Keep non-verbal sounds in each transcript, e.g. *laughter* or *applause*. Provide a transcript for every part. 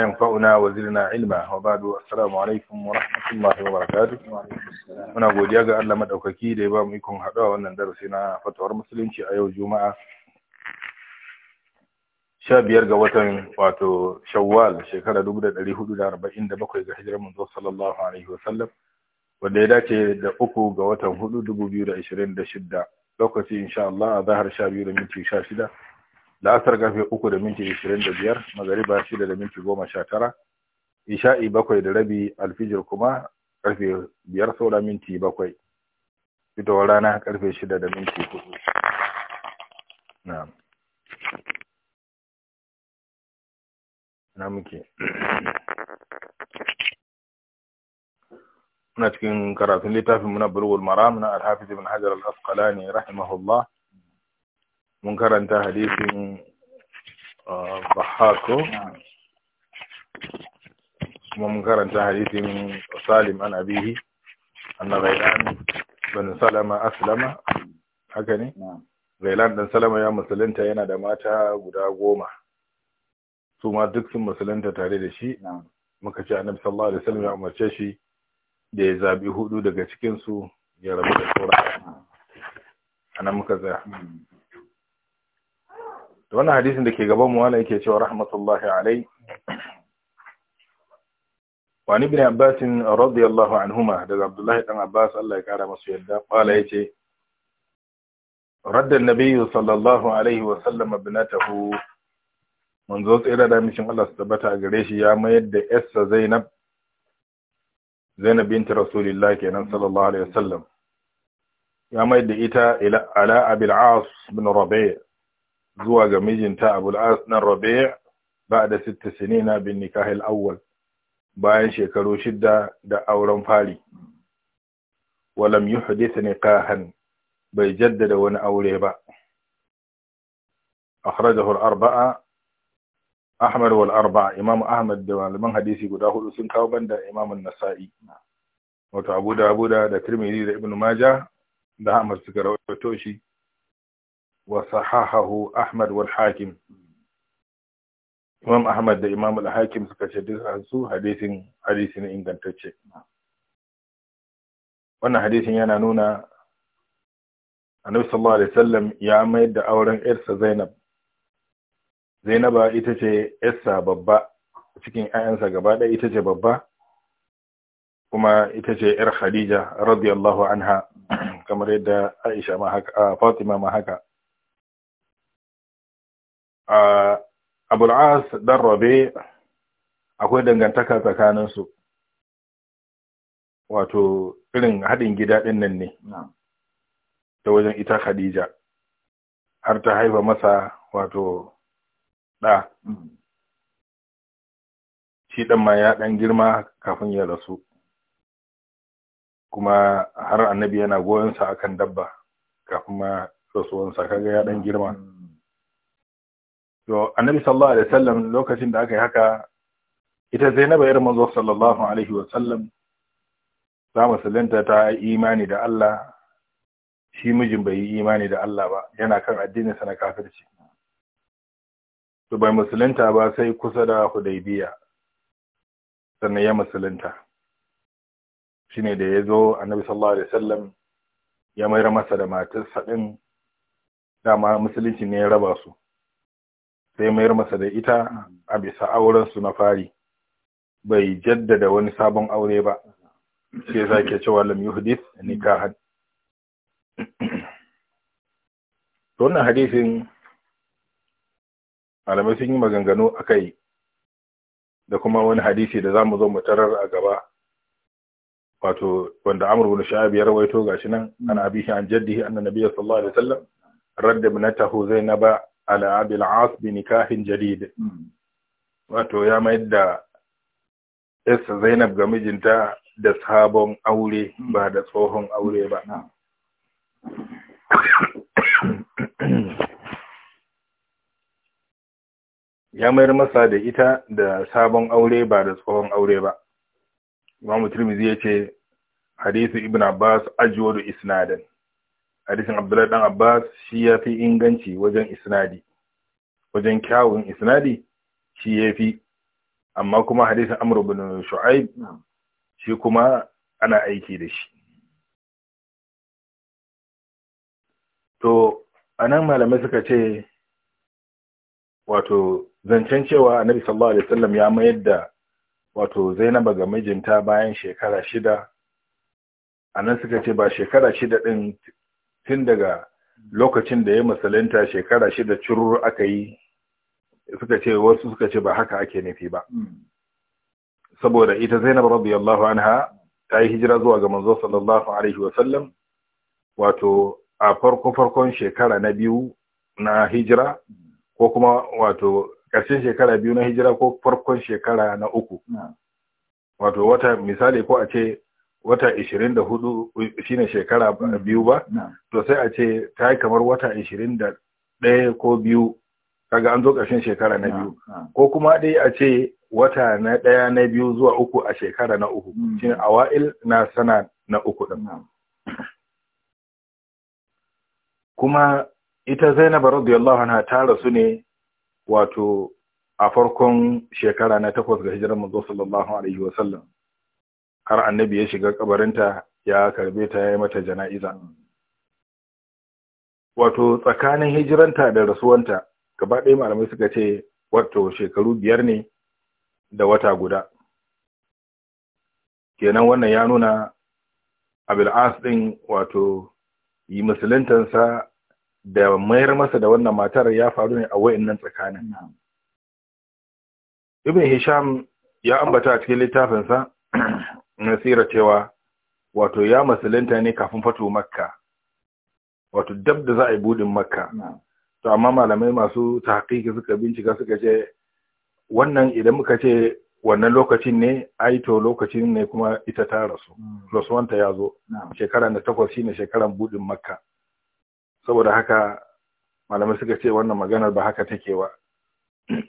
ينفعنا وزلنا علما وبعد السلام عليكم ورحمه الله وبركاته rahmatullahi wa godiya ga Allah madaukaki da ya ba mu ikon haɗuwa wannan darasi na fatawar musulunci a yau juma'a sha biyar ga watan wato shawwal shekara dubu da ɗari hudu da ga hijirar manzo sallallahu alaihi wa sallam wanda ya dace da uku ga watan hudu 2026 lokaci insha Allah a zahar sha biyu da minti 16 da asar gafe uku da minti ishirin da biyar magariba shida da minti goma sha tara isha'i bakwai da rabi alfijir kuma karfe biyar da minti bakwai fitowar rana karfe shida da minti hudu na na muke muna cikin karatun littafin muna bulwul maram na alhafiz ibn hajar al-asqalani rahimahullah mun karanta hadisin uh, bahako kuma mun karanta hadisin salim an abihi anna ghailan ban salama aslama haka ne ghailan ɗan salama ya musulunta yana da mata guda goma su ma duk sun musulunta tare da shi muka ce annabi sallallahu alaihi wasallam ya umarce shi da ya zabi hudu daga cikin su ya rabu da sauran ana muka tsaya hmm. da wannan hadisin da ke gaban mu wala yake cewa rahmatullahi alai wa ni ibn abbas radiyallahu anhuma daga abdullahi dan abbas Allah ya kara masa yadda wala yace radda annabi sallallahu alaihi wa sallam ibnatahu manzo tsira da mishin Allah su tabbata a gare shi ya mayar da yarsa Zainab Zainab binti Rasulillah kenan sallallahu alaihi wa sallam ya mayar da ita ila ala abil as bin rabi' زوا جميجين تا أبو العاص نربيع بعد ست سنين بالنكاح الأول باين شكرو شدة دا أورم فالي ولم يحدث نكاحا بيجدد ون با أخرجه الأربعة أحمد والأربعة إمام أحمد دوان لمن حديث يقول أهل سنكا وبندا إمام النسائي وتعبود ابو دا ترميذي ابن ماجه دا amma suka rawaito وصححه أحمد والحاكم Imam Ahmad da Imam Al-Hakim suka ce dukkan su hadisin hadisi ingantacce. Wannan hadisin yana nuna Annabi sallallahu alaihi wasallam ya mai da auren ƴarsa Zainab. Zainaba ita ce ƴarsa babba cikin 'ya'yansa gaba ɗaya ita ce babba kuma ita ce ƴar Khadija radiyallahu anha kamar yadda Aisha ma haka Fatima ma haka. a as dan rabe akwai dangantaka tsakaninsu wato irin haɗin gida ɗin nan ne ta wajen ita khadija har ta haifa masa wato ɗa mm. shi ɗan ma ya ɗan girma kafin ya rasu kuma har annabi yana goyonsa akan dabba kafin ma rasuwansa kaga ya ɗan girma mm. to annabi sallallahu alaihi wasallam lokacin da aka yi haka ita Zainab yar manzo sallallahu alaihi wasallam ta musulunta ta imani da Allah shi mijin bai yi imani da Allah ba yana kan sa na kafirci to bai musulunta ba sai kusa da Hudaybiya sannan ya musulunta shine da ya zo annabi sallallahu alaihi wasallam ya mayar masa da matarsa din dama musulunci ne ya raba su sai mayar masa da ita a bisa aurensu na fari bai jaddada wani sabon aure ba sai zake cewa lam yuhdith nikahan wannan hadisin malamai sun yi maganganu a kai da kuma wani hadisi da za mu zo mu tarar a gaba wato wanda amur bin sha'ab ya rawaito gashi nan ana abishi an jaddihi anna nabiyyu sallallahu alaihi wasallam radda ibnatahu zainaba ala abil as bi nikahin jadid hmm. wato ya mayar da yarsa zainab ga mijinta da sabon aure hmm. ba da tsohon aure ba ya mayar masa da ita da sabon aure ba da tsohon aure ba imamu turmizi ya ce hadisu ibn abbas ajiyar isnadan hadisin abdullahi dan abbas shi ya fi inganci wajen isnadi wajen kyawun isnadi shi ya fi amma kuma hadisin amr ibn shu'aib shi kuma ana aiki da shi to anan malamai suka ce wato zancen cewa annabi sallallahu alaihi wasallam ya mayar da wato Zainaba ga mijinta bayan shekara shida anan suka ce ba shekara shida din tun daga lokacin da ya musulunta shekara shida curur aka yi suka ce wasu suka ce ba haka ake nufi ba hmm. saboda ita Zainab radiyallahu anha ta yi hijira zuwa ga manzo sallallahu alaihi wa sallam wato a farko farkon shekara na biyu na hijira ko kuma wato ƙarshen shekara biyu na hijira ko farkon shekara na uku hmm. wato wata misali ko a ce wata 24 shine shekara hmm. biyu ba to sai a ce ta yi kamar wata 21 ko biyu kaga an zo ƙarshen shekara na biyu ko kuma dai a ce wata na ɗaya na biyu zuwa uku a shekara na uku hmm. shine awa'il na sana na uku ɗin kuma ita Zainab radiyallahu anha ta rasu ne wato a farkon shekara na takwas ga hijirar manzo sallallahu alaihi wa sallam har annabi ya shiga kabarinta ya karbe ta ya yi mata jana'iza wato tsakanin hijiranta da rasuwanta gaba ɗaya malamai suka ce wato shekaru biyar ne da wata guda kenan wannan ya nuna abil'as ɗin wato yi musuluntansa da mayar masa da wannan matar ya faru ne a wayannan tsakanin ibn hisham ya ambata a cikin littafinsa nasira cewa wato ya musulunta ne kafin fato makka wato dab da za a yi budin makka to amma malamai masu tahqiqi suka bincika suka ce wannan idan muka ce wannan lokacin ne ai to lokacin ne kuma ita ta rasu mm. plus wanta ya zo shekara na takwas shine shekaran budin makka saboda haka malamai suka ce wannan maganar ba haka take ba *clears throat*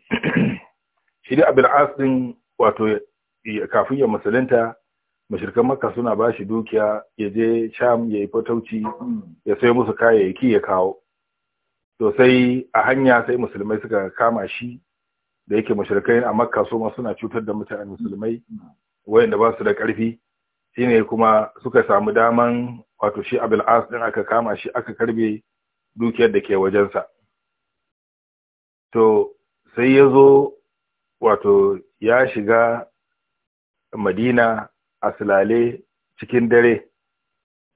shi da abul as din wato kafin ya musulunta mashirkan makka suna ba shi dukiya ya je sham ya yi fatauci ya sai musu kayayyaki ya kawo to sai a hanya sai musulmai suka kama shi da yake mashirkai a makka su ma suna cutar da mutanen musulmai wayanda ba su da karfi shine kuma suka samu daman wato shi abul as din aka kama shi aka karbe dukiyar da ke wajensa to sai ya zo wato ya shiga madina a silale cikin dare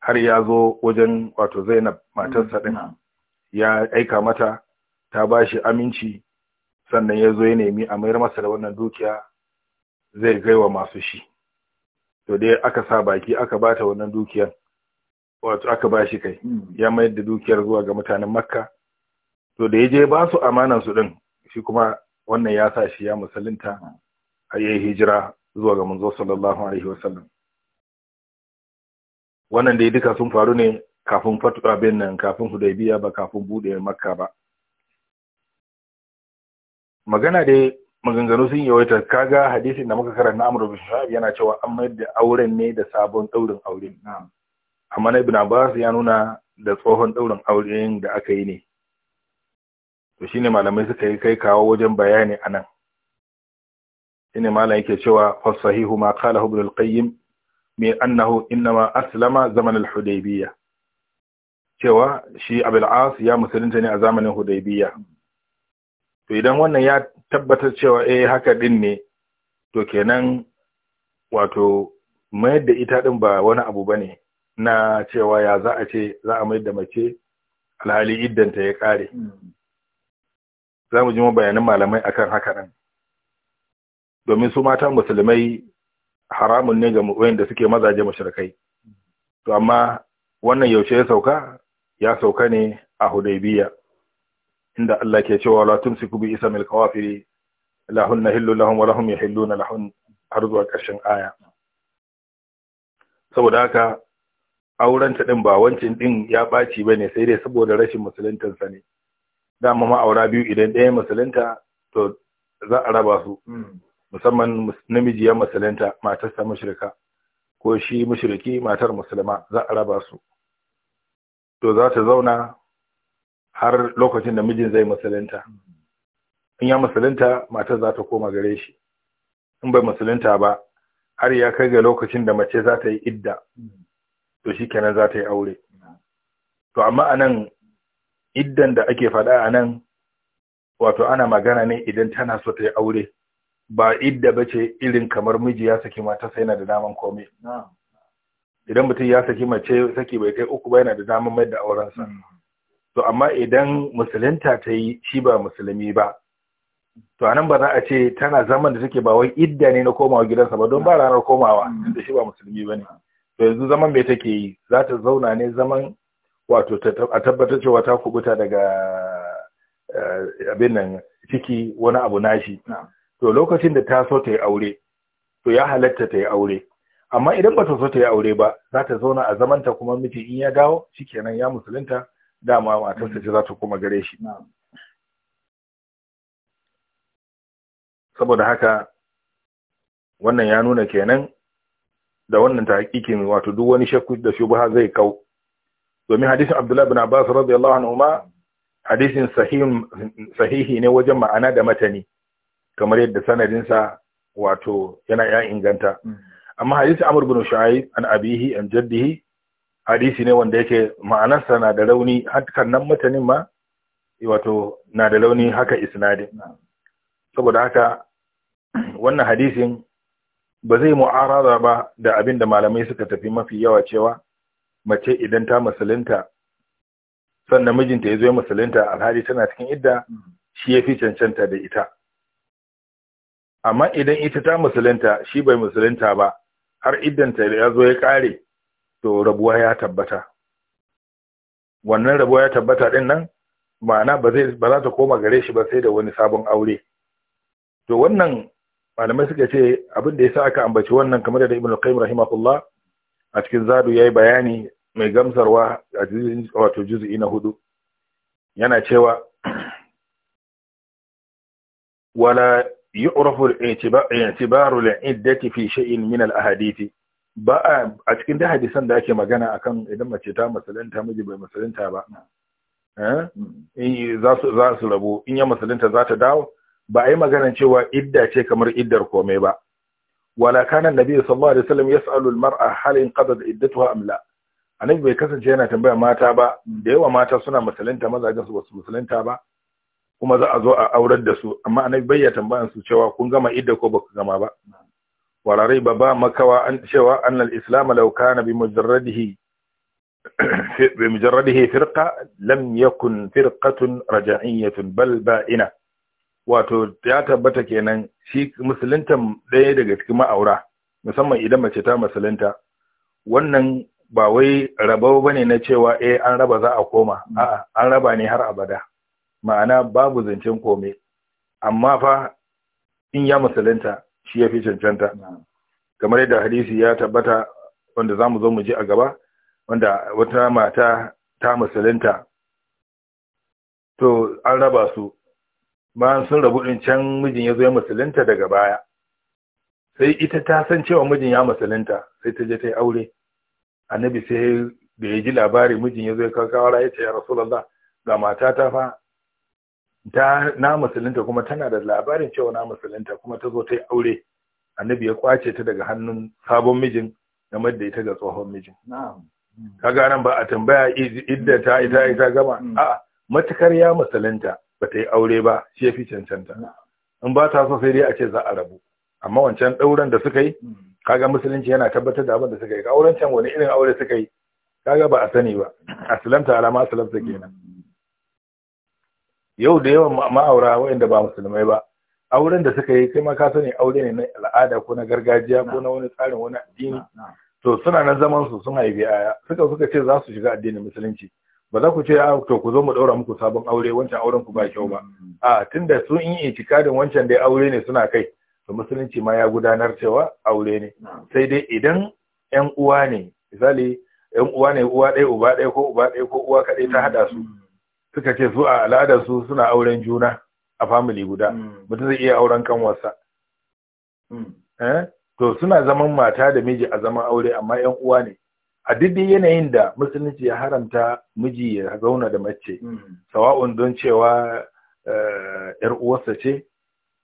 har ya zo wajen wato zainab matarsa ɗin mm, ya aika mata ta ba shi aminci sannan ya zo ya nemi a mayar masa da wannan dukiya zai gaiwa masu shi to dai aka sa baki aka ba ta wannan dukiyar wato aka ba shi kai mm. ya mayar da dukiyar zuwa ga mutanen makka to da ya je ba su amanansu ɗin shi kuma wannan ya sa shi ya musalinta mm. a yi hijira zuwa ga manzo sallallahu alaihi wasallam wannan dai duka sun faru ne kafin fatu abin nan kafin hudaybiya ba kafin bude makka ba magana dai maganganu sun yawaita kaga hadisin da muka karanta amru bin shahab yana cewa an mayar da auren ne da sabon daurin aure amma na ibn abbas ya nuna da tsohon daurin aure da aka yi ne to shine malamai suka yi kai kawo wajen bayani anan ina malam yake cewa fasahihu ma kala ibn al-qayyim min annahu innama aslama zaman al cewa shi abul as ya musulunta ne a zamanin Hudaibiya. to idan wannan ya tabbatar cewa eh haka din ne to kenan wato mayar da ita din ba wani abu bane na cewa ya za a ce za a mayar da mace alhali iddanta ya kare hmm. za mu ji bayanan malamai akan haka nan domin su mata musulmai haramun ne ga wayanda suke mazaje mushrikai to amma wannan yaushe ya sauka ya sauka ne a Hudaybiya inda Allah ke cewa la tumsiku bi ismil kawafiri la hunna hillu lahum wa lahum yahilluna lahun har zuwa ƙarshen aya saboda haka auren ta din ba wancin din ya baci bane sai dai saboda rashin musuluntan sa ne dama ma aura biyu idan ɗaya musulunta to za a raba su hmm. musamman namiji ya musulunta matarsa mushrika ko shi mushriki matar musulma za a raba su to za ta zauna har lokacin da mijin zai musulunta in ya musulunta matar za ta koma gare shi in bai musulunta ba har ya kai ga lokacin da mace za ta yi idda to shi kenan za ta yi aure to amma anan iddan da ake faɗa anan wato ana magana ne idan tana so ta yi aure ba idda ba ce irin kamar miji ya saki mata sai yana da daman komai idan mutum ya saki mace saki bai kai uku ba yana da daman mai da aurensa mm. to amma idan musulunta ta yi shi ba musulmi ba to anan ba za a ce tana zaman da take ba wai idda ne na komawa gidansa ba don ba ranar komawa mm. da shi ba musulmi ba ne to yanzu zaman bai take yi za ta zauna ne zaman wato a tabbatar cewa ta kubuta daga eh, abin nan ciki wani abu nashi to lokacin da ta so ta yi aure to ya halatta ta yi aure amma idan ba ta so ta yi aure ba za ta zauna a zamanta kuma miji in ya dawo shikenan ya musulunta dama matarsa ce za ta kuma gare shi saboda haka wannan ya nuna kenan da wannan ta hakikin wato duk wani shakku da shubha zai kau domin hadisin Abdullah bin Abbas radiyallahu anhu ma hadisin sahihi ne wajen ma'ana da matani kamar yadda sanadinsa wato yana ya inganta mm. amma hadisi amr bin shu'aib an abihi an jaddihi hadisi ne wanda yake ma'anarsa na da rauni hakan nan mutanen ma wato na da launi haka isnadin mm. saboda haka wannan hadisin ba zai mu'arada ba da abin da malamai suka tafi mafi yawa cewa mace idan ta musulunta sannan mijinta ya zo ya musulunta alhali tana cikin idda mm. shi ya fi cancanta da ita amma idan ita ta musulunta shi bai musulunta ba har iddanta ya zo ya kare to rabuwa ya tabbata wannan rabuwa ya tabbata din nan ma'ana ba za ta koma gare shi ba sai da wani sabon aure to wannan malamai suka ce abin da ya sa aka ambaci wannan kamar da Ibn Qayyim rahimahullah a cikin zadu yayi bayani mai gamsarwa a wato juz'i na hudu yana cewa *clears throat* wala يعرف الاعتبار العدة في fi من min با ba a cikin da hadisan da ake magana akan idan mace ta masalanta miji bai masalanta ba eh? in za su za su rabu in ya musulunta za ta dawo ba a yi maganar cewa idda ce kamar iddar komai ba wala kana nabi sallallahu alaihi wasallam yas'alu al-mar'a hal qadad iddatuha am la anabi bai kasance yana tambaya mata ba da yawa mata suna musulunta mazajen su su musulunta ba kuma za a zo a aurar da su amma annabi bayya tambayan su cewa kun gama idda ko baku gama ba Warare ba ba makawa an cewa annal islam law kana bi mujarradihi bi mujarradihi firqa lam yakun firqatun raja'iyatun bal ba'ina wato ya tabbata kenan shi musulunta ɗaya daga cikin ma'aura musamman idan mace ta musulunta wannan ba wai rabo bane na cewa eh an raba za a koma a'a an raba ne har abada ma'ana babu zancen kome amma fa in ya musulunta shi ya fi cancanta kamar yadda hadisi ya tabbata wanda za mu zo mu ji a gaba wanda wata mata ta musulunta to an raba su bayan sun rabu din can mijin ya zo ya musulunta daga baya sai ita ta san cewa mijin ya musulunta sai ta je ta yi aure annabi sai da ya ji labari mijin ya zo ya kawo kawara ya ce ya rasulallah ga mata ta fa ta na musulunta kuma tana da labarin cewa na musulunta kuma ta zo ta yi aure annabi ya kwace ta daga hannun sabon mijin ya madda ita ga tsohon mijin kaga nan ba a tambaya idda ta ita mm. ita gama mm. a matukar ya musulunta ba ta yi aure ba shi ya fi cancanta in ba ta so sai dai a ce za a rabu amma wancan dauren da suka yi mm. kaga musulunci yana tabbatar da abin da suka yi auren can wani irin aure suka yi kaga ba a sani ba A silamta alama silamta kenan yau da yawan ma'aura waɗanda ba musulmai ba auren da suka yi kai ma ka sani aure ne na al'ada ko na gargajiya ko na wani tsarin wani addini to suna nan zaman su sun haifi aya suka suka ce za su shiga addinin musulunci ba za ku ce a ah, to ku zo mu daura muku sabon aure wancan auren ku ba kyau ba mm-hmm. a tunda sun yi itikadin wancan dai aure ne suna kai to musulunci ma ya gudanar cewa aure ne sai dai idan yan uwa ne misali yan uwa ne uwa ɗaya uba ɗaya ko uba ɗaya ko uwa kaɗai ta haɗa su mm-hmm. suka ce su a al'adar su suna auren juna a famili guda hmm. mutum zai iya auren kanwarsa hmm. eh? to suna zaman mata da miji a zaman aure amma yan uwa ne a duk yanayin da musulunci ya haramta miji ya zauna da mace hmm. sawa'un don cewa yar eh, uwarsa ce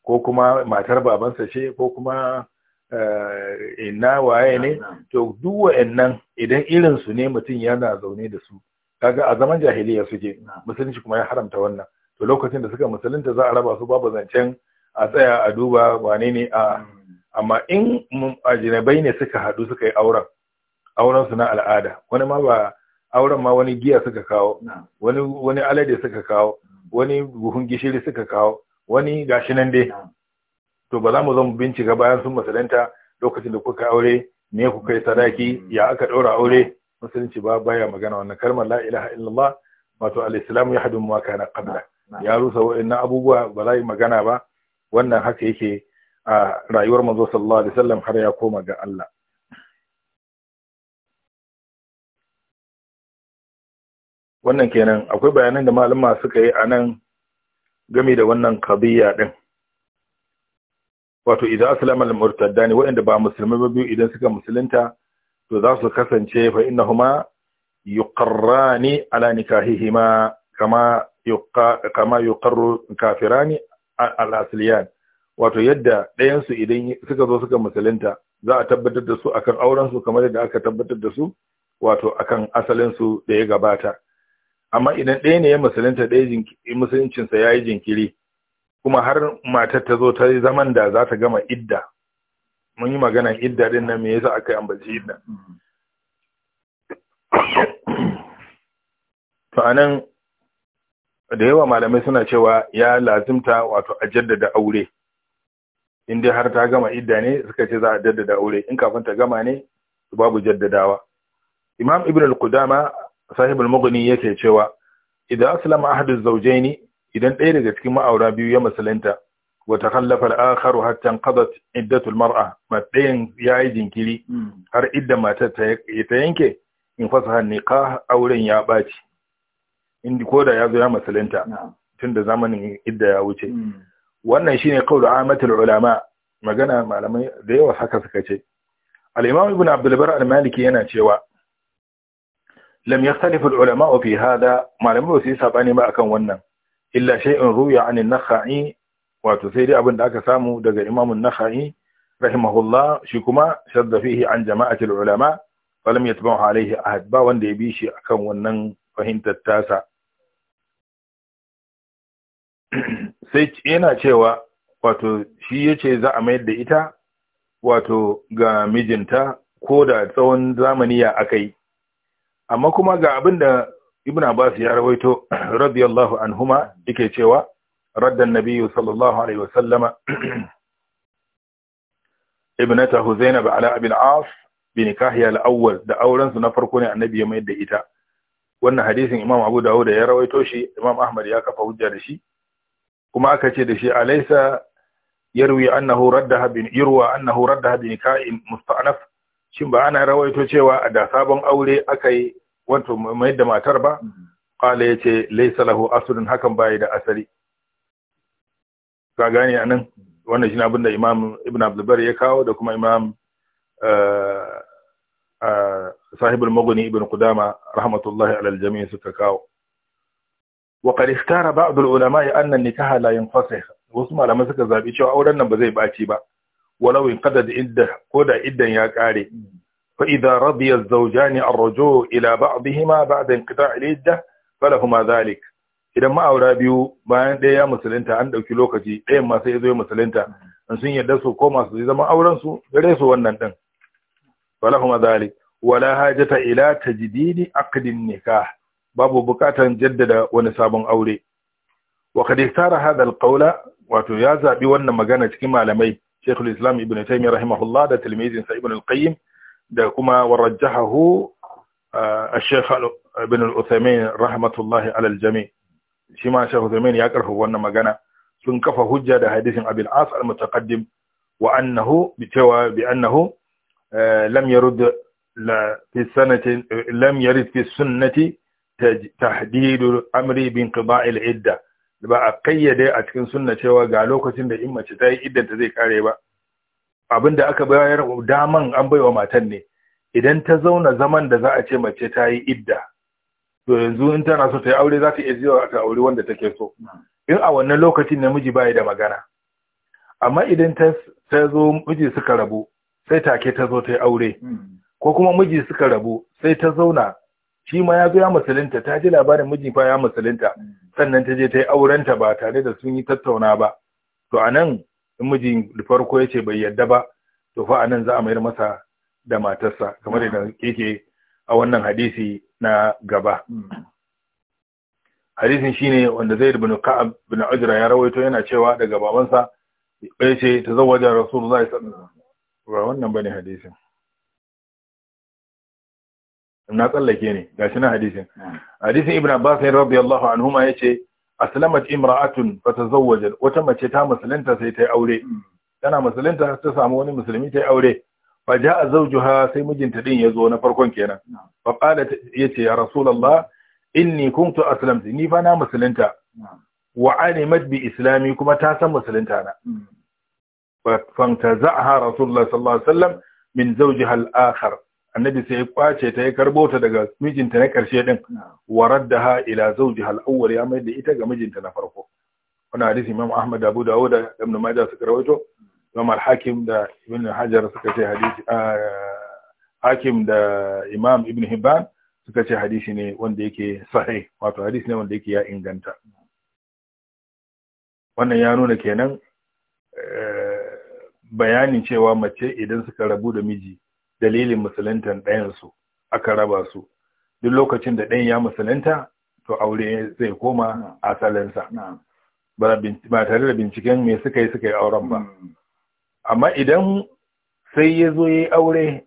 ko kuma matar babansa ce ko kuma eh, ina waye ne to duk wa'annan idan irinsu ne mutum yana zaune da su kaga a zaman jahiliya suke musulunci kuma ya haramta wannan to lokacin da suka musulunta za a raba su babu zancen a tsaya a duba wane ne a amma in ajinabai ne suka haɗu suka yi auren auren su na al'ada wani ma ba auren ma wani giya suka kawo wani wani alade suka kawo wani buhun gishiri suka kawo wani gashi nan dai to ba za mu zama bincika bayan sun musulunta lokacin da kuka aure me kuka yi sadaki ya aka ɗaura aure musulunci ba baya magana wannan kalmar la ilaha illallah wato al ya hadu ma kana qabla ya rusa wa'annan abubuwa ba za yi magana ba wannan haka yake a rayuwar manzo sallallahu alaihi wasallam har ya koma ga Allah wannan kenan akwai bayanan da malama suka yi anan game da wannan qadiyya din wato idan aslama al-murtaddani wa'anda ba musulmai ba biyu idan suka musulunta to za su kasance fa huma yuqarrani ala nikahihima kama yuqa kama yuqarru kafirani al asliyan wato yadda ɗayan su idan suka zo suka musulunta za a tabbatar da su akan auren su kamar yadda aka tabbatar da su wato akan asalin su da ya gabata amma idan ɗaya ne ya musulunta ɗaya musuluncinsa ya yi jinkiri kuma har matar ta zo ta zaman da za ta gama idda mun yi magana idda din nan me yasa aka yi ambaci idda to anan da yawa malamai suna cewa ya lazimta wato a jaddada aure in dai har ta gama idda ne suka ce za a jaddada aure in kafin ta gama ne babu jaddadawa imam ibn al-qudama sahib al-mughni yake cewa idan aslama ahadu zawjaini idan ɗaya daga cikin ma'aura biyu ya musulunta وتخلف الآخر حتى انقضت عدة المرأة ما تين يا جنكلي هر إدة ما تتينك انفصح النقاح أو لن يأباتي إن كودا يا ذو يا تند زمن إدة يا وجه wannan shine kaulu amatul ulama magana da yawa haka suka ce al-imam ibn abdul bar al-maliki yana cewa lam yakhtalifu al-ulama fi hada malamai ba su yi sabani ba akan wannan illa shay'un ruya an wato sai dai abin da aka samu daga Imam an-Nakhai rahimahullah shi kuma shadda fihi an jama'atul ulama falam yatba'u alaihi ahad ba wanda ya bi shi akan wannan fahimtar tasa *clears throat* sai yana cewa wato shi yace za a mayar da ita wato ga mijinta ko da tsawon zamani ya akai amma kuma ga abin da Ibn Abbas ya rawaito *clears throat* radiyallahu anhuma yake cewa رد النبي صلى الله عليه وسلم *clears throat* ابنته زينب على أبي العاص بنكاحها الأول da auren su na farko ne annabi ya mai ita wannan hadisin Imam Abu Dawud ya rawaito shi Imam Ahmad ya kafa hujja da shi kuma aka ce da shi alaysa yarwi annahu raddaha bin yurwa annahu raddaha bin nika'in musta'naf shin ba ana rawaito cewa a da sabon aure akai wato mai da matar ba qala yace laysa lahu aslun hakan bai da asali ka gane anan wannan shine abin da imam ibn abdulbar ya kawo da kuma imam eh, eh, sahibul maguni ibn kudama rahmatullahi alal jami suka kawo wa qad ikhtara ba'd al ulama anna nikaha la yanfasih wasu malamai suka zabi cewa auren nan ba zai baci ba walau in qadad idda ko da iddan ya kare fa idza radiya az-zawjani ar ila ba'dihima ba'da inqita' al-idda falahuma dhalik idan ma'aura biyu bayan ɗaya ya musulunta an ɗauki lokaci ɗayan ma sai ya zo ya musulunta in sun yarda su koma su zama auren su gare su wannan din falahuma zalik wala hajata ila tajdidi aqdin nikah babu bukatan jaddada wani sabon aure wa kad iktara hadha alqawla wato ya zabi wannan magana cikin malamai Sheikh islam Ibn Taymiyyah rahimahullah da tilmizin sa Ibn al da kuma warajjahahu الشيخ ابن الأثيمين رحمة الله على الجميع shi ma Sheikh Uthaymeen ya karfafa wannan magana sun kafa hujja da hadisin Abil As al-Mutaqaddim wa annahu bi bi annahu eh, lam yarud la fi lam fi sunnati tahdid amri bin qida' al-idda ba a kayyade a cikin sunna cewa ga lokacin da in mace ta yi iddanta zai kare ba abinda aka bayar daman an baiwa matan ne idan ta zauna zaman da za a ce mace ta yi idda to yanzu in tana so ta yi aure za ta iya zuwa ta aure wanda take so in a wannan lokacin namiji baya da magana amma idan ta zo miji suka rabu sai take ta zo ta yi aure ko kuma miji suka rabu sai ta zauna shi ma ya zo ya musulunta ta ji labarin miji fa ya musulunta sannan ta je ta yi auren ta ba tare da sun yi tattauna ba to anan in mijin farko ya ce bai yadda ba to fa anan za a mayar masa da matarsa kamar yadda yake a wannan hadisi na gaba hadisin shine wanda zai ibn ka'ab ibn ujra ya rawaito yana cewa daga babansa ya ce tazawwaja rasulullahi sallallahu alaihi wasallam ba wannan bane hadisin na tsallake ne gashi na hadisin hadisin ibn abbas radiyallahu anhuma yace aslamat imra'atun fatazawwajat wata mace ta musulunta sai ta yi aure tana musulunta ta samu wani musulmi ta yi aure fa ja'a zawjuha sai mijinta din yazo na farkon kenan faƙada ya ce ya rasulallah inni kuntu aslamtu ni fa na musulunta wa alimat bi islami kuma ta san musulunta na ha rasulullah sallallahu alaihi wasallam min zawjiha al-akhar annabi sai ya kwace ta ya karbo ta daga mijinta na karshe din wa ha ila zauji al-awwal ya mai da ita ga mijinta na farko wannan hadisi Imam Ahmad Abu Dawud da Ibn Majah suka rawaito Imam Al-Hakim da Ibn Hajar suka ce hadisi hakim da imam ibn hibban suka ce hadisi ne wanda yake sahih wato hadisi ne wanda yake ya inganta wannan ya nuna kenan eh, bayanin cewa mace idan suka rabu da miji dalilin ɗayan ɗayansu aka raba su duk lokacin da ɗayan ya musulunta to aure zai koma asalinsa ba tare da binciken mai suka yi suka yi auren ba hmm. amma idan sai ya zo ya yi aure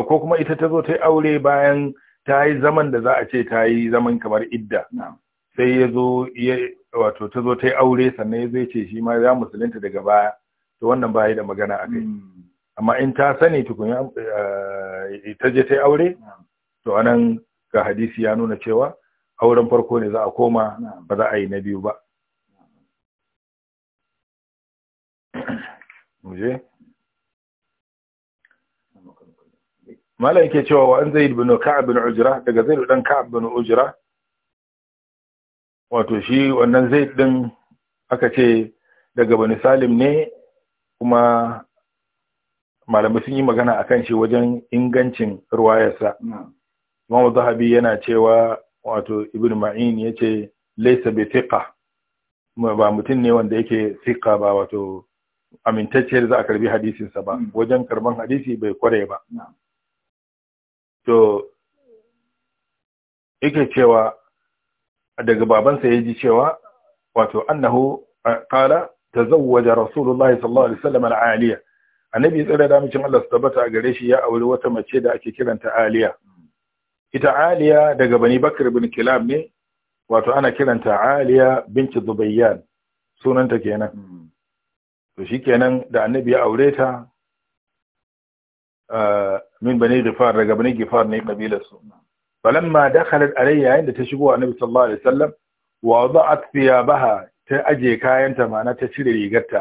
ko kuma ita ta zo ta yi aure bayan ta yi zaman da za a ce ta yi zaman kamar idda sai ya zo wato ta zo ta yi aure sannan ya zai ce shi ma ya musulunta daga baya to wannan ba da magana a kai hmm. amma in ta sani tukun eh, ta je ta yi aure to anan ga hadisi ya nuna cewa auren farko ne za a koma ba za a yi na biyu ba. Muje? malam ke cewa wa an zai bin ka'ab bin ujra daga zai dan ka'ab bin ujra wato shi wannan zai din aka ce daga bani salim ne kuma malamai sun yi magana akan shi wajen ingancin ruwayarsa imam zahabi yana cewa wato ibn ma'in yace laysa bi thiqa ba mutum ne wanda yake thiqa ba wato amintacce da za a karbi hadisinsa ba hmm. wajen karban hadisi bai kware ba to yake cewa daga babansa ya ji cewa wato annahu qala tazawwaja rasulullahi sallallahu alaihi wasallam al'aliya a annabi ya tsira da micin Allah tabbata a gare shi ya auri wata mace da ake kiranta aliya ita aliya daga bani bakar bin kilab ne wato ana kiranta aliya binci zubayyan sunanta kenan to shi kenan da annabi ya aure ta min bani gifar daga bani gifar ne kabilar su falamma dakhalat alayya yayin da ta shigo annabi sallallahu alaihi wasallam wada'at thiyabaha ta aje kayanta mana ta cire rigarta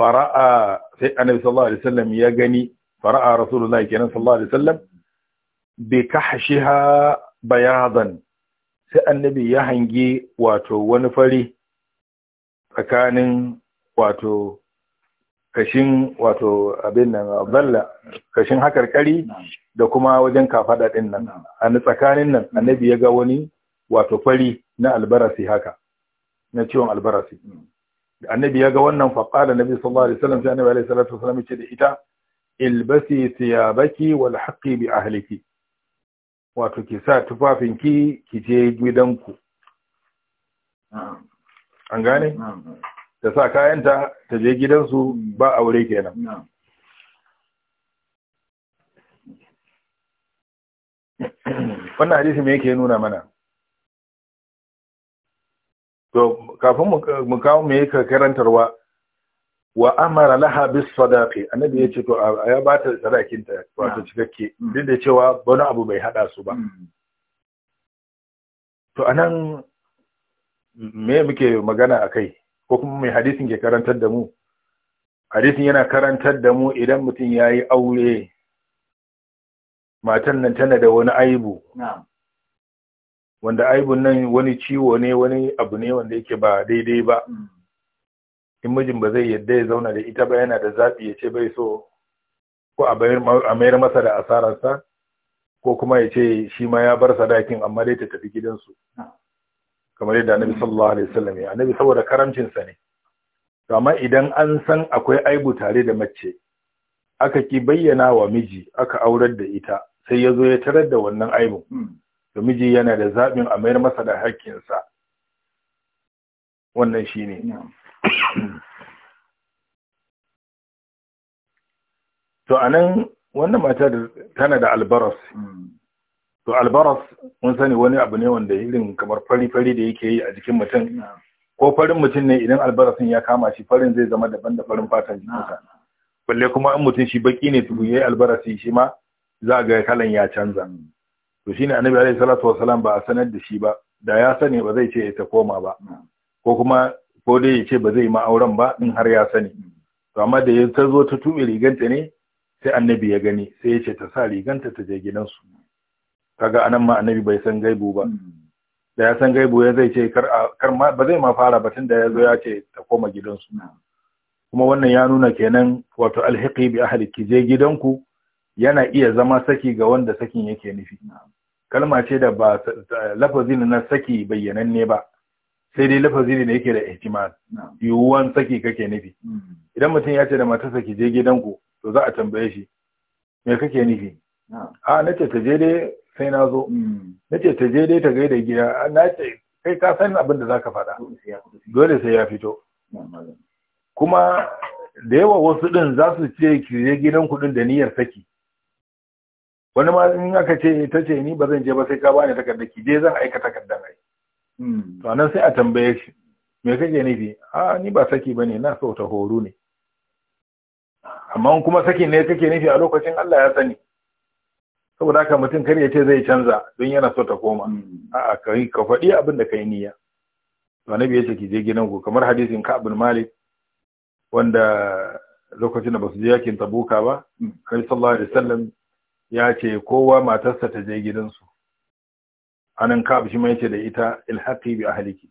fara'a sai annabi sallallahu alaihi wasallam ya gani fara'a rasulullahi kenan sallallahu alaihi wasallam bi kahshiha bayadan sai annabi ya hangi wato wani fari tsakanin wato kashin wato abin nan zalla kashin hakarkari da kuma wajen kafada din nan a tsakanin nan annabi ya ga wani wato fari na albarasi haka na ciwon albarasi annabi ya ga wannan faqala nabi sallallahu alaihi wasallam sai annabi alaihi salatu wasallam ce da ita ilbasi thiyabaki wal haqqi bi ahliki wato ki sa tufafinki ki je gidanku an gane ta sa kayanta ta je gidansu ba aure kenan wannan hadisi me yake nuna mana to kafin mu kawo me yake karantarwa wa amara laha bis sadaqi annabi yace to ya bata sadakin ta wato cikakke hmm. duk da cewa wani abu bai hada su ba hmm. to anan me muke magana akai ko kuma mai hadisin ke karantar da mu hadisin yana karantar da mu idan mutum yayi aure matan nan tana da wani aibu wanda aibun nan wani ciwo ne wani abu ne wanda yake ba daidai ba mm. in mijin ba zai yadda ya zauna da ita ba yana da zaɓi ya ce bai so ko a mayar masa da asararsa ko kuma ya ce shi ma ya bar sadakin amma dai ta tafi gidansu kamar yadda annabi sallallahu alaihi wasallam ya annabi saboda karamcinsa ne to amma idan an san akwai aibu tare da mace aka ki bayyana wa miji aka aurar da ita sai ya zo ya tarar da wannan aibin hmm. Da miji yana da zaɓin a mayar masa da haƙƙinsa wannan shi ne to a nan wannan mata tana da albaras hmm. to albaras mun sani wani abu ne wanda irin kamar fari-fari da yake yi a jikin mutum ko farin mutum ne idan albarasin ya kama shi farin zai zama daban da farin fatan jikinsa balle kuma in mutum shi baki ne ya yi albarasi shi ma za ga kalan ya canza to shine annabi alaihi salatu wasalam ba a sanar da shi ba da ya sani ba zai ce ta koma ba ko kuma ko dai ya ce ba zai yi auren ba in har ya sani to amma da yanzu ta zo ta tuɓe riganta ne sai annabi ya gani sai ya ce ta sa riganta ta je gidansu kaga anan ma annabi bai san gaibu ba da ya san gaibu ya zai ce kar ma ba zai ma fara batun da ya zo ya ce ta koma gidansu kuma wannan ya nuna kenan wato alhiqi bi ahli ki je gidanku yana iya zama saki ga wanda sakin yake nufi kalma ce da ba lafazin na saki bayyananne ba sai dai lafazin ne yake da ihtimal yiwuwan saki kake nufi idan mutum ya ce da mata ki je gidanku to za a tambaye shi me kake nufi a na ce ta je dai sai na zo na ce ta je dai ta gaida gida na ce kai ka san abin da zaka faɗa dole sai ya fito kuma da yawa wasu din za su ce ki je gidan kuɗin da niyyar saki wani ma in aka ce ta ce ni ba zan je ba sai ka bani takarda ki je zan aika takarda ai hmm. to nan sai a tambaye shi me kake nufi a ni ba saki bane na so ta horo ne amma kuma saki ne kake nufi a lokacin Allah ya sani saboda haka mutum kar ya ce zai canza don yana so ta koma hmm. a'a kai ka faɗi abin da kai niyya to annabi ya ce ki je gidan ku kamar hadisin ka abin malik wanda lokacin da basu je yakin tabuka ba kai hmm. sallallahu alaihi wasallam ya ce kowa matarsa ta je gidansu anan kab shi mai ce da ita ilhaqi bi ahliki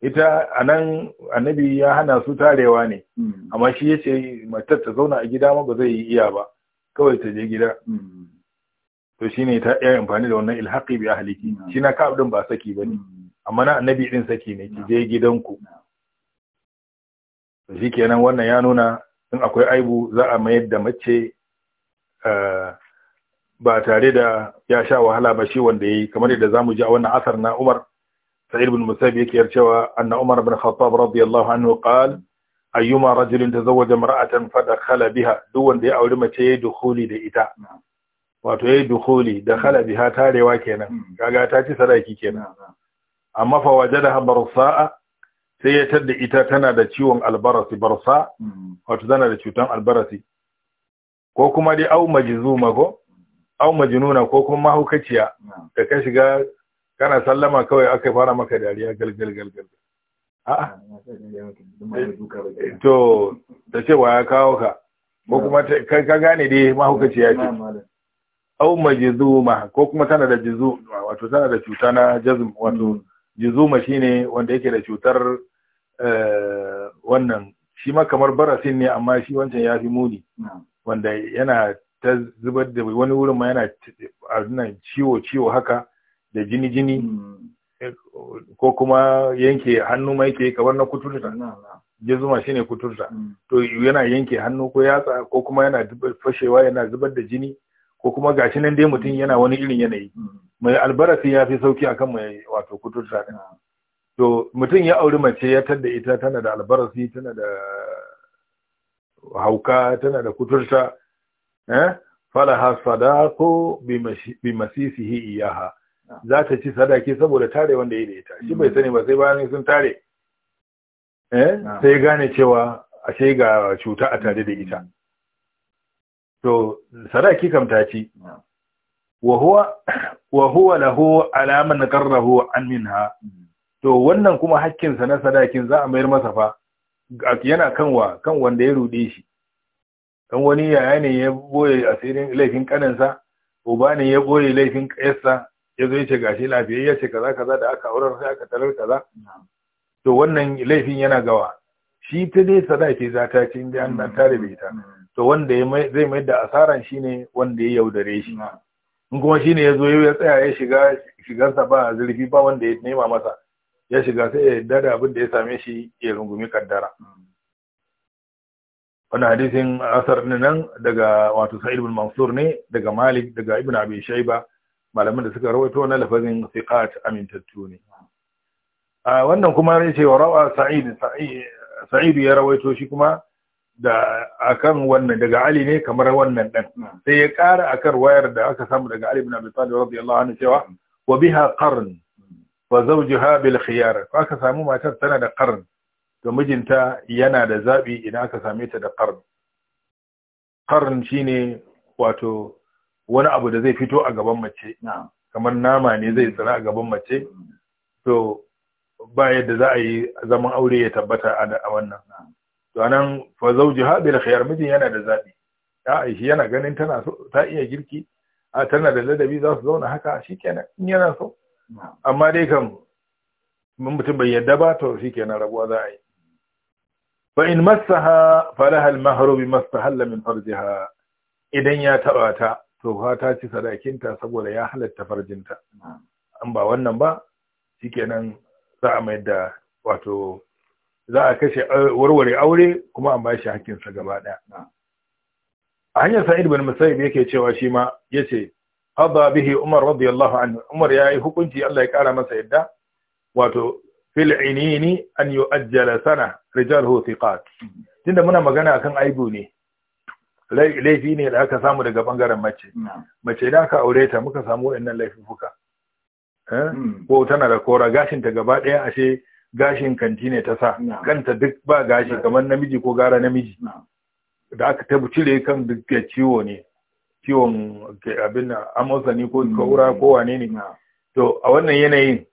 ita anan annabi ya hana su tarewa ne hmm. amma shi ya ce, matar ta zauna a gida ma ba zai yi iya ba kawai ta je gida hmm. to shine ta iya amfani da wannan ilhaqi bi ahliki hmm. shi na kab din ba saki bane amma na annabi din saki ne ki je gidanku to kenan wannan ya nuna in akwai aibu za a mayar da mace eh, ba tare da ya sha wahala ba shi wanda yayi kamar yadda zamu ji a wannan asar na Umar Sa'id ibn Musayyib yake yarcewa anna Umar ibn Khattab radiyallahu anhu qala ayyuma rajulin tazawwaja mar'atan dakhala biha duk wanda ya aure mace yayi dukhuli da ita wato yayi dukhuli khala biha tarewa kenan kaga ta ci sadaki kenan amma fa wajadaha barsa'a sai ya tada ita tana da ciwon albarasi barsa wato tana da cutan albarasi ko kuma dai au majzuma ko au majnuna ko kuma mahaukaciya da ka shiga kana sallama kawai aka fara maka dariya galgal galgal a'a to ce wa ya kawo ka ko kuma ka gane dai mahaukaciya ce au majzuma ko kuma tana da jizu wato tana da cuta na jazm wato hmm. jizuma shine wanda yake da cutar eh, wannan shi ma kamar barasin ne amma shi wancan ya fi muni wanda yana ta zubar da wani wurin ma yana nan ciwo ciwo haka da jini jini hmm. ko kuma yanke hannu ma yake kamar na kuturta shi ne kuturta hmm. to yana yanke hannu ko yatsa ko kuma yana fashewa yana zubar da jini ko kuma gashi nan dai mutum yana wani irin yanayi hmm. mai albarasi ya fi sauki akan mai wato kuturta din ah. to mutum ya auri mace ya tadda ita tana da albarasi tana da hauka tana da kuturta Eh? falaha sadaqu bi iyaha ah. za ta ci sadaki saboda tare wanda ya ita shi bai hmm. sani ba sai bayan sun tare eh? ah. sai gane cewa ashe ga cuta a tare da ita hmm. to sadaki kam ta ci ah. wa huwa lahu alaman qarrahu an minha hmm. to wannan kuma hakkinsa na sadakin za a mayar masa fa yana kanwa kan wanda ya rude shi don wani yaya ne ya boye asirin laifin kaninsa uba ne ya boye laifin ƙayarsa ya zo ya ce gashi ya ce kaza kaza da aka aurar sai aka talar kaza to wannan laifin yana gawa shi ta dai sadaki za ta ce inda an mm. tare da ita mm. to wanda zai mai da asaran shine wanda ya yaudare shi in kuma shine yazo zo ya tsaya ya shiga shigarsa ba zurfi ba wanda ya nema masa ya shiga sai ya yarda da abin da ya same shi ya rungumi kaddara mm. Wani hadisin asar ne nan daga wato sa'id ibn mansur ne daga malik daga ibn abi shayba malaman da suka rawaito na lafazin thiqat amintattu ne a wannan kuma ne ce rawa sa'id sa'id ya rawaito shi kuma da akan wannan daga ali ne kamar wannan dan sai ya kara akan wayar da aka samu daga ali ibn abi talib radiyallahu anhu cewa wa biha qarn wa zawjaha bil khiyar aka samu matar tana da qarn to mijinta yana da zaɓi idan aka same ta da Ƙarin shi shine wato wani abu da zai fito a gaban mace kamar nama ne zai tsira a gaban mace to ba yadda za a yi zaman aure ya tabbata a wannan to anan fa zauji zawjiha bil khiyar mijin yana da zaɓi ya shi yana ganin tana so ta iya girki a tana da ladabi za su zauna haka shikenan in yana so amma dai kam mun mutum bai yadda ba to shikenan rabuwa za a yi fa in massaha falaha al-mahru bi farjiha idan ya taba ta to fa ta ci sadakinta saboda ya halatta farjinta an ba wannan ba shikenan za a mai da wato za a kashe warware aure kuma an bashi sa gaba ɗaya. A hanyar Sa'id bin Musayyib yake cewa shi ma yace Hadda bihi Umar radiyallahu anhu Umar yayi hukunci Allah ya kara masa yadda wato fil inini an yu'ajjala sana rijaluhu thiqat tunda muna magana akan aibu ne laifi ne da aka samu daga bangaren mace mace idan aka aure ta muka samu waɗannan laifuka eh? hmm. ko tana da kora gashin ta gaba ɗaya ashe gashin kanti ne ta sa kanta duk ba gashi kamar namiji ko gara namiji da aka tabu cire kan duk ya ciwo ne ciwon abin amosani ko hmm. kaura ko wane ne to a wannan yanayin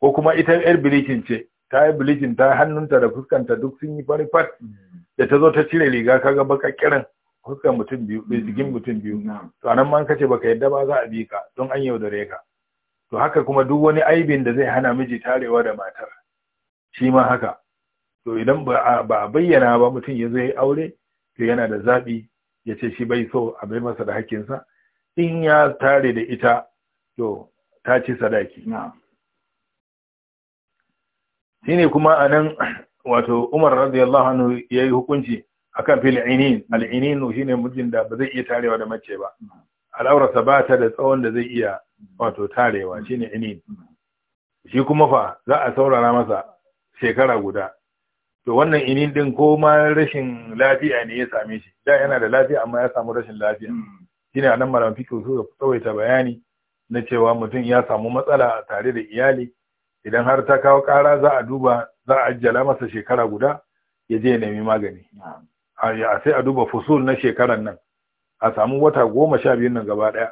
ko kuma ita yar bilikin ce ta yi bilikin ta hannunta da fuskanta duk sun yi fari fat da ta zo ta cire riga kaga baka kiran fuskan mutum biyu bai jikin mutum biyu to anan man kace baka yadda ba za a bi ka don an yaudare ka to haka kuma duk wani aibin da zai hana miji tarewa da matar shi ma haka to idan ba a bayyana ba mutum ya zai aure to yana da zaɓi ya ce shi bai so a bai masa da hakkinsa in ya tare da ita to ta ci sadaki shine kuma a nan, *clears throat* wato Umar radiyallahu anhu yayi hukunci akan fili inin al'inin shi ne mutum da ba zai iya tarewa da mace ba al'aurarsa ba ta da tsawon da zai iya wato tarewa shine inin shi kuma fa za a saurara masa shekara guda to wannan inin din ko ma rashin lafiya ne ya same shi da yana da lafiya amma ya samu rashin lafiya Shi shine nan malam fiqh su tsawaita bayani na cewa mutum ya samu matsala tare da iyali idan har ta kawo ƙara za a duba za a ajjala masa shekara guda ya je nemi magani a sai a duba fusul na shekaran nan a samu wata goma sha biyun nan gaba ɗaya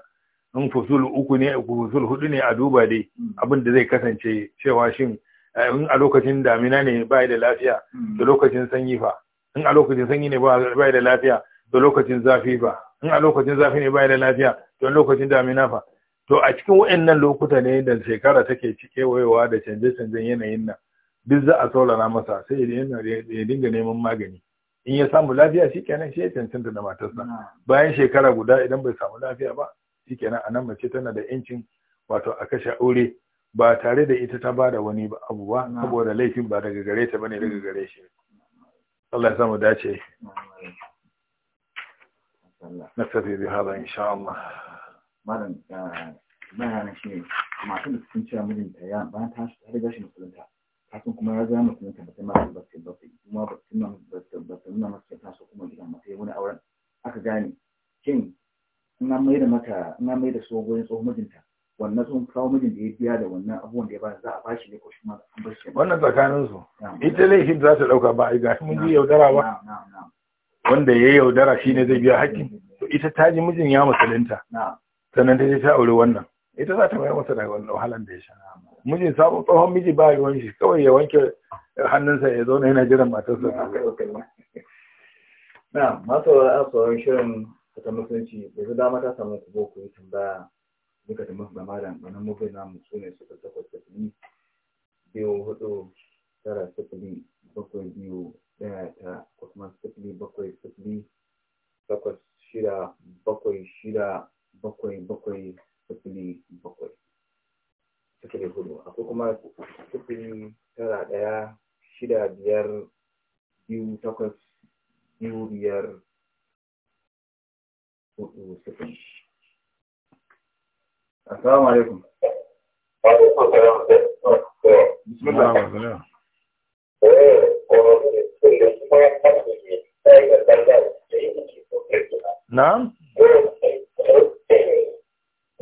in fusul uku ne fusul hudu ne a duba dai hmm. abin da zai kasance cewa shin eh, in a lokacin damina ne ba da lafiya hmm. da lokacin sanyi fa in a lokacin sanyi ne ba da lafiya da lokacin zafi fa in a lokacin zafi ne ba da lafiya da lokacin damina fa to a cikin waɗannan lokuta ne da shekara take cike wayewa da canje-canjen yanayin nan duk za a saurara masa sai ya dinga neman magani in ya samu lafiya shi kenan shi ya cancanta da matarsa mm. bayan shekara guda idan bai samu lafiya ba shi kenan a nan mace tana da yancin wato a kashe aure ba tare da ita ta ba da wani abu ba mm. saboda laifin ba daga gare ta bane daga gare shi mm. Allah ya samu dace نكتفي bi hada insha Allah. malam bayanan ah, shi ne masu da sun cewa mijinta ya bayan ta shi ta riga shi musulunta kafin kuma ya zama musulunta ba sai ma ba ta ba ta kuma ba ta nuna ba ta nuna masa ta so kuma gidan mata ya wani auren aka gane shin ina mai da mata ina mai da so gurin tsohon mijinta wannan sun kawo mijin da ya biya da wannan abubuwan da ya bayar za a bashi ne ko shi ma an bar shi wannan tsakanin su ita laifin za ta dauka ba a ga mun yi yaudara ba wanda ya yaudara shine zai biya hakkin to ita ta ji mijin ya musulunta sannan ta je ta aure wannan ita za ta mayar masa daga wannan wahalan da ya sha miji sabon tsohon miji ba ruwan shi kawai ya wanke hannunsa ya zauna yana jiran matarsa ta kai na masu sauran shirin ta musulunci su dama ta samu ku boko yi tambaya duka ta musu da malam wannan na namu ne suka takwas da biyu hudu tara sifili bakwai biyu ɗaya ta kuma sifili bakwai sifili takwas shida bakwai shida bakwai bakwai sifili bakwai sifili hudu akwai kuma sifili tara ɗaya shida biyar biyu takwas biyu biyar hudu sifili assalamu alaikum Bismillah.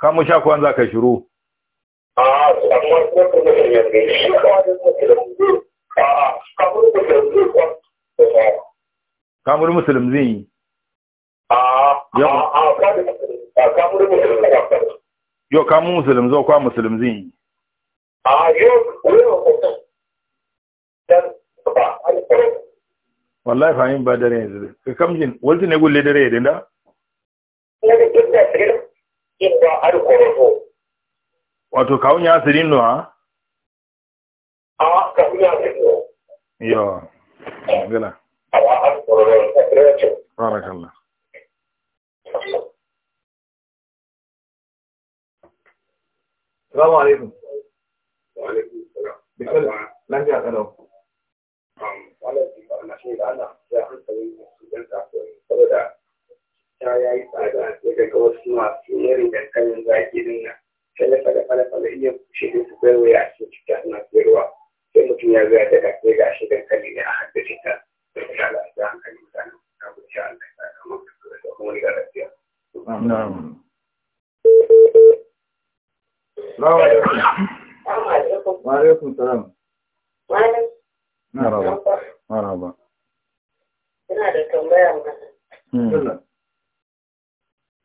ka mu sha kuwan za ka shiru kamar musulun zai yi yau kamun musulun zo kwa musulun zai yi wallahi fahim ba dare yanzu ka kamjin wajen ne gulle dare ya dinda? ingwa ari koroto watu kaunya asirinwa ah kaunya asirinwa iyo ngela awa ari koroto sakrecho barakalla Assalamu alaikum. Wa alaikum salam. Lanja kalau. Um, wala di mana sih ana? Ya, kalau di sini kan tak ada. ta ya yi tsada ya daga wasu masu yari da kayan zaki din nan sai ya fada fada fada iya kushe da su bai waya a cuta suna sayarwa sai mutum ya zai daga sai ga shi ne a haddace ta da ta ala ta hankali mutane ta gudu sha Allah ta kama da kuma da lafiya. Salamu alaikum. Wa alaikum salam. Maraba. Maraba. Ina da tambaya mana.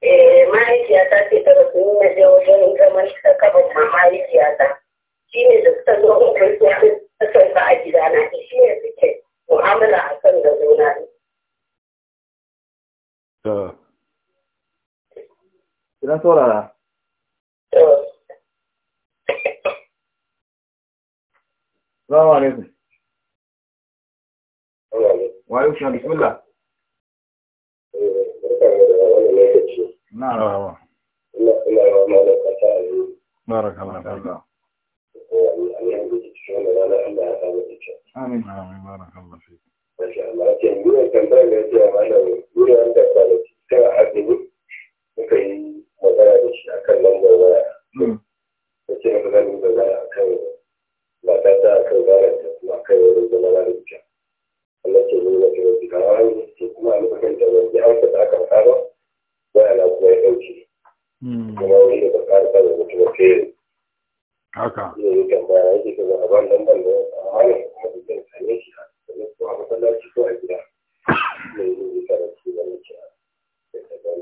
Eh, mahaifiyata ce ta rasu na je wajen zaman kabin mahaifiyata shi ne da suka zo in kai suka sa a gidana shi ne suke mu'amala akan kan da zona ne. نعم بارك الله فيك آمين آمين بارك الله فيك ما شاء الله لكن دون تنبغي الجامعة معنا دون أن تقبل كما حدني لكي مدارج أكلم ولا لكن مدارج ولا أكلم لا تتا كبارة ما كبر ولا رجع التي من وجهة كمان ما لكن تنبغي أنت تأكل هذا Hmm. kuma wani da ba kare kare mutu ke haka ne yi ban nan ban da kuma duk da sanye shi a cikin a ko a gida ne yi su a cikin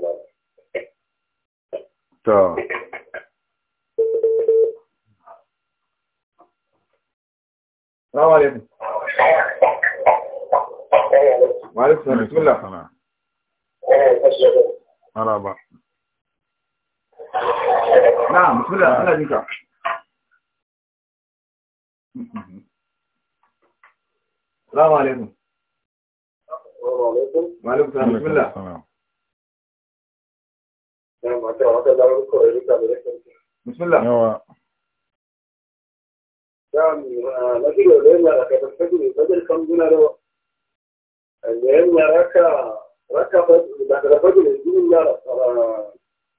ban Salamu alaikum. Wa alaikum salam. Bismillah. Eh, Ana ba. نعم بسم الله بسم الله السلام عليكم عليكم وعليكم السلام بسم الله نعم، بسم الله نعم نجي ولينا لك تستجد بدل كم دون لو لأن ركع ركع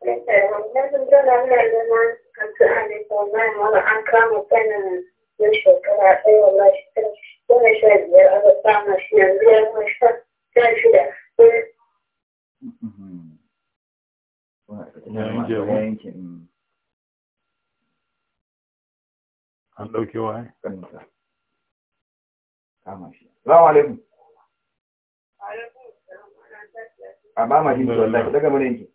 Yanzu dole muna zama kan an kama kanin yin shekara ɗaya wala shi ya shi. alaikum. A ba ma jin daga mana yanki.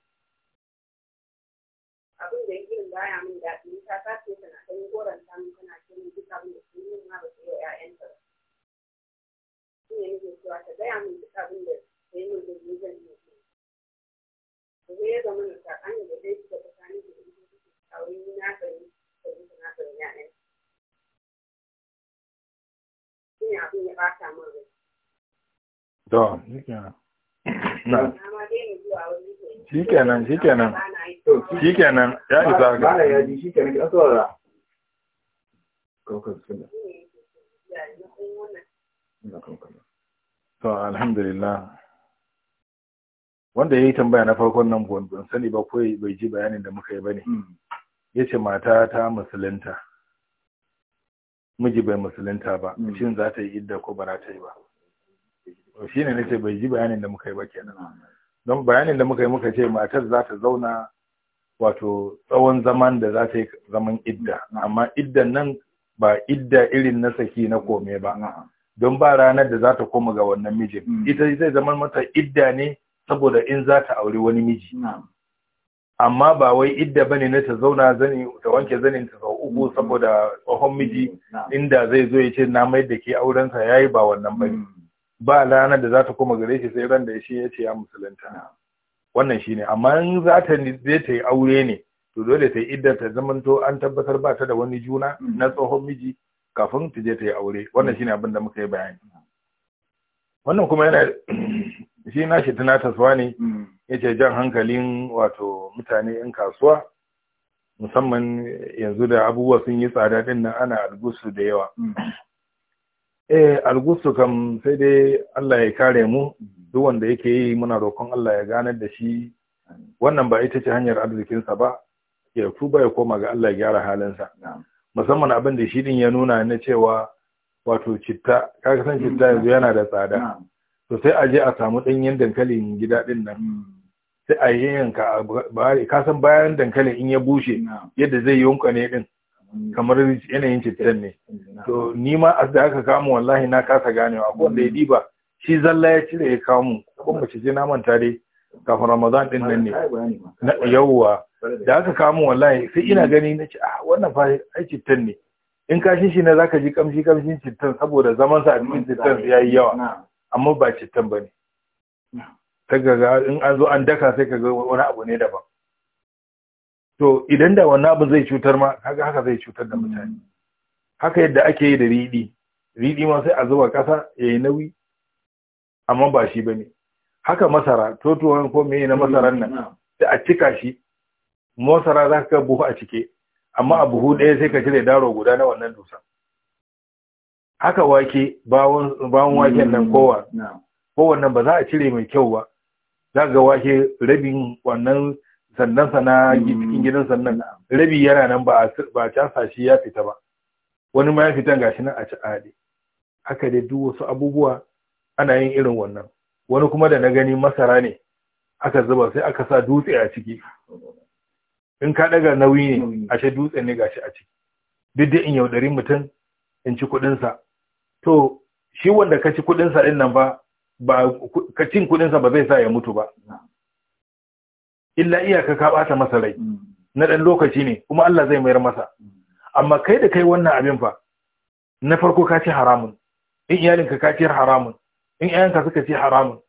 abin da yake baya min daɗi ta ta tana ganin goron ta min tana ce min duk abin da ke yi ma ba su yi ƴaƴanta ba shi ne nake cewa ta gaya min duk abin da ta yi min da ni zan yi to sai ya zama na saƙan da dai da tsakanin da ita take aure ni na sani da ita na sani ƴaƴan shi ne abin ya ɓata min rai. To, shi kenan. Na. Na ma dai ni zuwa wani shikenan shikenan shikenan ya isa ga ya ji shikenan ka saurara to alhamdulillah wanda ya yi tambaya na farkon nan ban sani ba ko bai ji bayanin da muka yi ba ne hmm. ya ce mata ta musulunta miji bai musulunta ba hmm. shin za ta yi idda ko ba za ta yi ba shi ne nace bai ji bayanin da muka yi ba kenan hmm. don bayanin da muka yi muka ce matar za ta zauna wato tsawon zaman da za ta yi zaman idda amma iddan nan ba idda irin na saki na kome ba don ba ranar da za ta koma ga wannan mijin hmm. ita zai zama mata idda ne saboda in za ta auri wani miji amma ba wai idda bane na ta zauna zani ta wanke zanin ta sau uku hmm. saboda tsohon miji inda zai zo ya ce na mai da ke aurensa yi ba wannan bane hmm. ba ranar da za ta koma gare shi sai ran da shi ya ce ya musulunta wannan shi ne, amma in za ta zai ta yi aure ne to dole ta yi iddar ta zamanto an tabbatar ba ta da wani juna na tsohon miji kafin ta je ta yi aure wannan ne, abin da muka yi bayani wannan kuma yana shi na shi taswa ne ce jan hankalin wato mutane 'yan kasuwa musamman yanzu da abubuwa sun yi tsada din nan ana algusu da yawa eh algusu kam sai dai Allah ya kare mu duk wanda yake yi muna roƙon Allah ya ganar da shi wannan ba ita ce hanyar arzikinsa ba ya tuba ya koma ga Allah ya gyara halinsa musamman abin da shi din ya nuna na cewa wato citta kaga san citta yanzu yana da tsada to sai a je a samu ɗanyen dankalin gida din nan mm. sai a yi yanka ka san bayan dankalin in ya bushe yadda zai yunka ne din kamar yanayin cittan ne to ni ma da aka kamu wallahi na kasa ganewa abuwan da ya mm. diba shi zalla ya cire ya kamu ko mace ce na manta dai kafin ramadan din nan ne yawwa da aka kamu wallahi sai ina gani na ce ah wannan fa ai cittan ne in ka shi ne zaka ji kamshi kamshin cittan saboda zaman sa a cikin ya yi yawa amma ba cittan bane ga in an zo an daka sai ka ga wani abu ne daban to idan da wannan abu zai cutar ma kaga haka zai cutar da mutane haka yadda ake yi da riɗi riɗi ma sai a zuba ƙasa ya yi nauyi amma ba shi ba ne haka masara totuwan ko meye na masaran nan da mm, a cika shi masara za ka buhu a cike amma a buhu ɗaya sai ka cire daro guda na wannan dusa haka wake bawon waken nan mm, kowa kowannan ba za a cire mai kyau ba za ga wake rabin wannan sannan sana mm. cikin gidan sannan rabi yana nan ba a sashi ya fita ba wani ma ya fitan gashi nan a ci ade haka dai duk wasu abubuwa ana yin irin wannan wani kuma da na gani masara ne aka zuba sai aka sa dutse a ciki in ka daga nauyi ne ashe dutse ne gashi a ciki duk da in yaudari mutum in ci kuɗinsa to shi wanda ka ci kuɗinsa din nan ba ba ka cin kuɗinsa ba zai sa ya mutu ba illa iyaka ka bata masa rai mm. na dan lokaci ne kuma Allah zai mayar masa mm. amma kai da kai wannan abin fa na farko ka ci haramun in iyalinka ka ce haramun in iyayenka suka ci haramun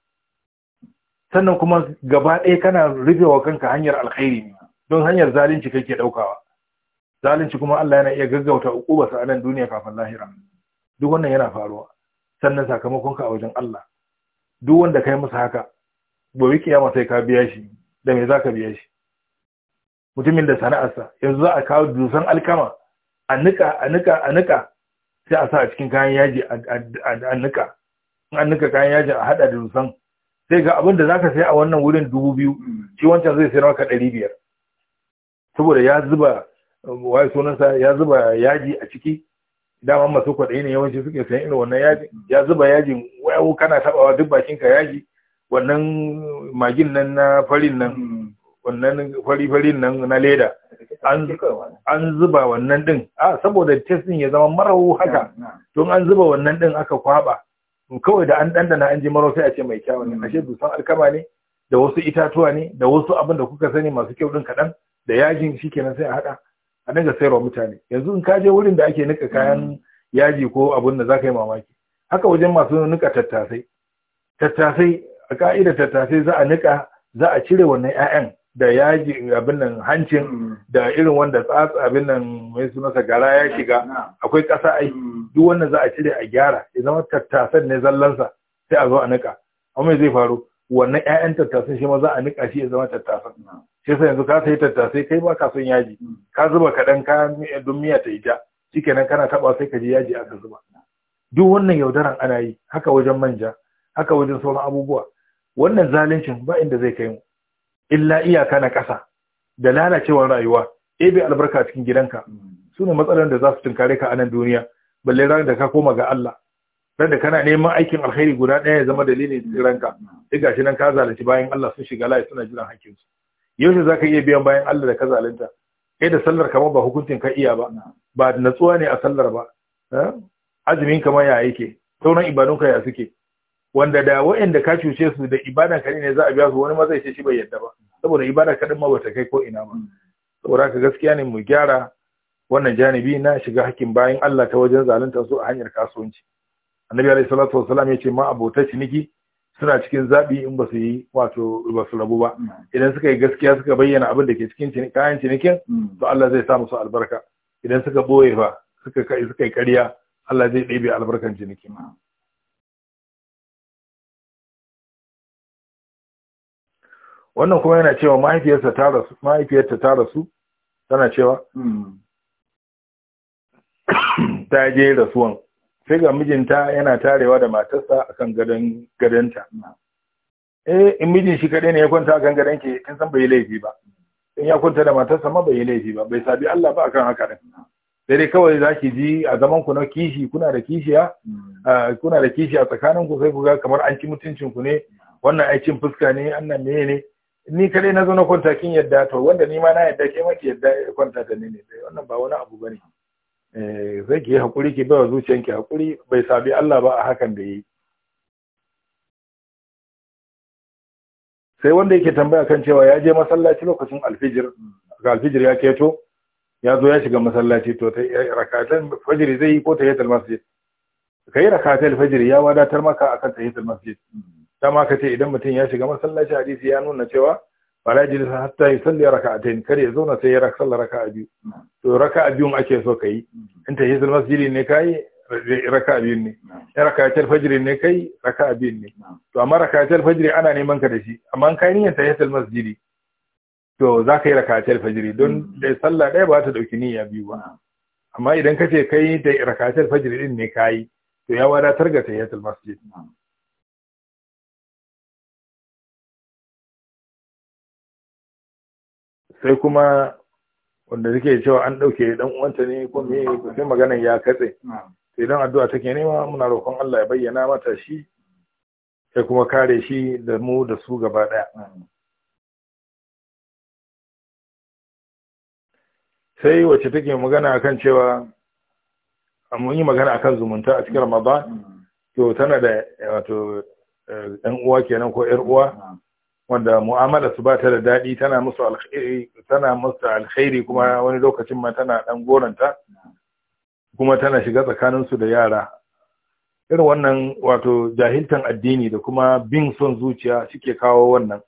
sannan kuma gaba ɗaya kana rufe wa kanka hanyar alkhairi ne don hanyar zalunci kake ɗaukawa zalunci kuma Allah yana iya gaggauta uqubarsa a nan duniya kafin lahira duk wannan yana faruwa sannan sakamakon ka a wajen Allah duk wanda kai masa haka gobe kiyama sai ka biya shi da me za ka biya shi mutumin da sana'arsa yanzu za a kawo dusan alkama a nika a nika a nika sai a sa a cikin kayan yaji a nika in an nika kayan yaji a hada da dusan sai ga abin da za ka sai a wannan wurin dubu biyu shi wancan zai sayar maka ɗari biyar saboda ya zuba waye sunansa ya zuba yaji a ciki dama masu kwaɗayi ne yawanci suke sayan irin wannan yaji ya zuba yajin wayo kana tabawa duk bakin ka yaji wannan magin nan na farin nan hmm. wannan fari-farin nan na leda an zuba wannan din a saboda test ya zama marau haka don an zuba wannan din aka kwaba kawai da an dandana an ji marau sai a ce mai kyawun ne hmm. ashe dusan alkama ne da wasu itatuwa ne da wasu abin da kuka sani masu kyau din kaɗan da yajin shi kenan sai a haɗa a dinga sayarwa mutane yanzu in ka je wurin da ake nika kayan hmm. yaji ko abin da za ka yi mamaki haka wajen masu nika tattasai tattasai a ka'idar tattasai za a nika za a cire wannan 'ya'yan da yaji abin nan hancin da irin wanda tsatsa abin nan mai su masa gara ya shiga akwai ƙasa ai duk wannan za a cire a gyara ya zama tattasan ne zallansa sai a zo a nika amma zai faru wannan 'ya'yan tattasan shi ma za a nika shi ya zama tattasan sai sai yanzu ka sai tattasai kai ba ka son yaji ka zuba kaɗan ka don miya ta ita shikenan kana taɓa sai ka ji yaji aka zuba duk wannan yaudaran ana yi haka wajen manja haka wajen sauran abubuwa wannan zalincin ba inda zai kai mu illa iyaka na ƙasa da lalacewar rayuwa ebe albarka cikin gidanka su ne matsalar da za su tunkare ka a nan duniya balle ran da ka koma ga Allah ran da kana neman aikin alkhairi guda ɗaya ya zama dalilin tsiranka sai gashi nan ka zalunci bayan Allah sun shiga layi suna jiran hakkin su yaushe ka iya biyan bayan Allah da ka zalunta kai da sallar kamar ba hukuncin ka iya ba ba natsuwa ne a sallar ba eh? azumin kamar ya yake sauran ibadunka ya suke wanda da waɗanda ka cuce su da ibada kadi ne za a biya su wani ma zai ce shi bai yadda ba saboda ibada kaɗan ma bata kai ko ina ba mm. saboda haka gaskiya ne mu gyara wannan janibi na shiga hakkin bayan Allah ta wajen zalunta su a hanyar kasuwanci annabi alaihi salatu wasallam ya ce ma abota ciniki suna cikin zabi in ba su yi wato ba su rabu ba mm. idan suka yi gaskiya suka bayyana abin da ke cikin kayan cinikin mm. to Allah zai sa musu albarka idan suka boye ba, suka kai suka yi ƙarya Allah zai ɗebe albarkan ciniki wannan kuma yana cewa mahaifiyarsa ta rasu mahaifiyarta ta rasu tana cewa hmm. ta je rasuwan sai ga mijinta yana tarewa da matarsa akan gadon gadonta eh in mijin shi kadai ne ya kwanta akan gadon ke, kin san bai laifi ba in ya kwanta da matarsa ma bai laifi ba bai sabi Allah ba akan haka ne. sai dai kawai ki ji a zaman ku na kishi kuna da kishiya hmm. kuna da kishi a tsakanin ku sai ku ga kamar an ci mutuncin ku ne wannan ai cin fuska ne annan ne ne ni kare na zo na kwanta kin yadda to wanda ni ma na yadda ke maki yadda kwanta da ni ne eh, wannan ba wani abu bane eh zai ki hakuri ki ba zuciyanki hakuri bai sabi Allah ba a hakan da yi sai wanda yake tambaya kan cewa ya je masallaci lokacin alfijir ga alfijir ya keto ya zo ya shiga masallaci to ta rakatan fajiri zai yi ko ta yi masjid kai rakatan fajiri ya wadatar maka akan ta yi masjid dama ka ce idan mutum ya shiga masallaci hadisi ya nuna cewa fala sa hatta yusalli raka'atayn kar ya zauna sai ya raka sallar raka'a biyu to raka'a biyun ake so kai in ta hisul masjidi ne kai raka'a biyun ne ya raka raka'atul fajr ne kai raka'a biyun ne to amma raka'atul fajr ana neman ka da shi amma in kai niyyar ta hisul masjidi to za ka yi raka'atul fajr don da sallah ɗaya ba ta dauki niyya biyu ba amma idan ka ce kai da raka'atul fajr din ne kai to ya wadatar ga tahiyatul masjid sai kuma wanda suke cewa an ɗauke dan uwanta ne ko me sai maganan ya katse sai dan addu'a take nema muna roƙon Allah ya bayyana mata shi sai kuma kare shi da mu da su gaba ɗaya sai wacce take magana akan cewa mun yi magana akan zumunta a cikin Ramadan mm. to tana da wato ɗan eh, uwa kenan ko ƴar uwa wanda mu'amala su ba ta da daɗi tana musu alkhairi tana musu alkhairi kuma wani lokacin ma tana dan goranta kuma tana shiga tsakanin su da yara irin wannan wato jahiltan addini da kuma bin son zuciya suke kawo wannan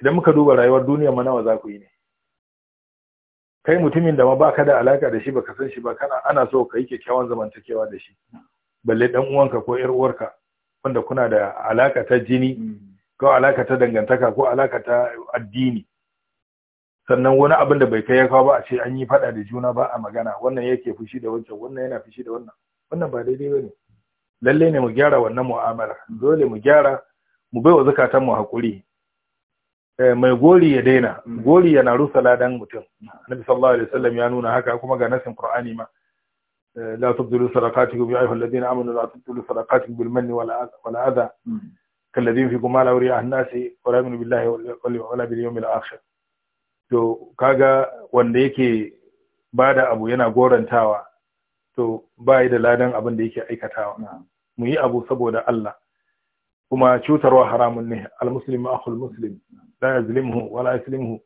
idan muka duba rayuwar duniya ma nawa za ku yi ne kai mutumin da ma baka da alaka da shi baka san shi ba kana ana so ka yi kyakkyawan zamantakewa da shi balle dan uwanka ko yar uwarka wanda kuna da alaka ta jini mm. ko alaka ta dangantaka ko alaka ta addini sannan wani abin da bai kai ya kawo ba a ce an yi faɗa da juna ba a magana wannan yake fushi da wancan wannan yana fushi da wannan wannan ba daidai ba ne lallai ne mu gyara wannan mu'amala dole mu gyara mu wa zakatan mu haƙuri eh, mai gori ya daina gori yana rusa ladan mutum annabi sallallahu alaihi wasallam ya nuna haka kuma ga nasin qur'ani ma eh, la tubdilu sadaqatikum ya ayyuhal ladina amanu la tubdilu sadaqatikum bil manni wala adha hmm. kallazi yunfiqu mala wuri an nasi wala yu'minu billahi wala biliyo yawmil akhir to kaga wanda yake da abu yana gorantawa to ba da ladan abin da yake aikatawa mu yi abu saboda Allah kuma cutarwa haramun ne almuslimu akhul muslim la yazlimuhu wala yaslimuhu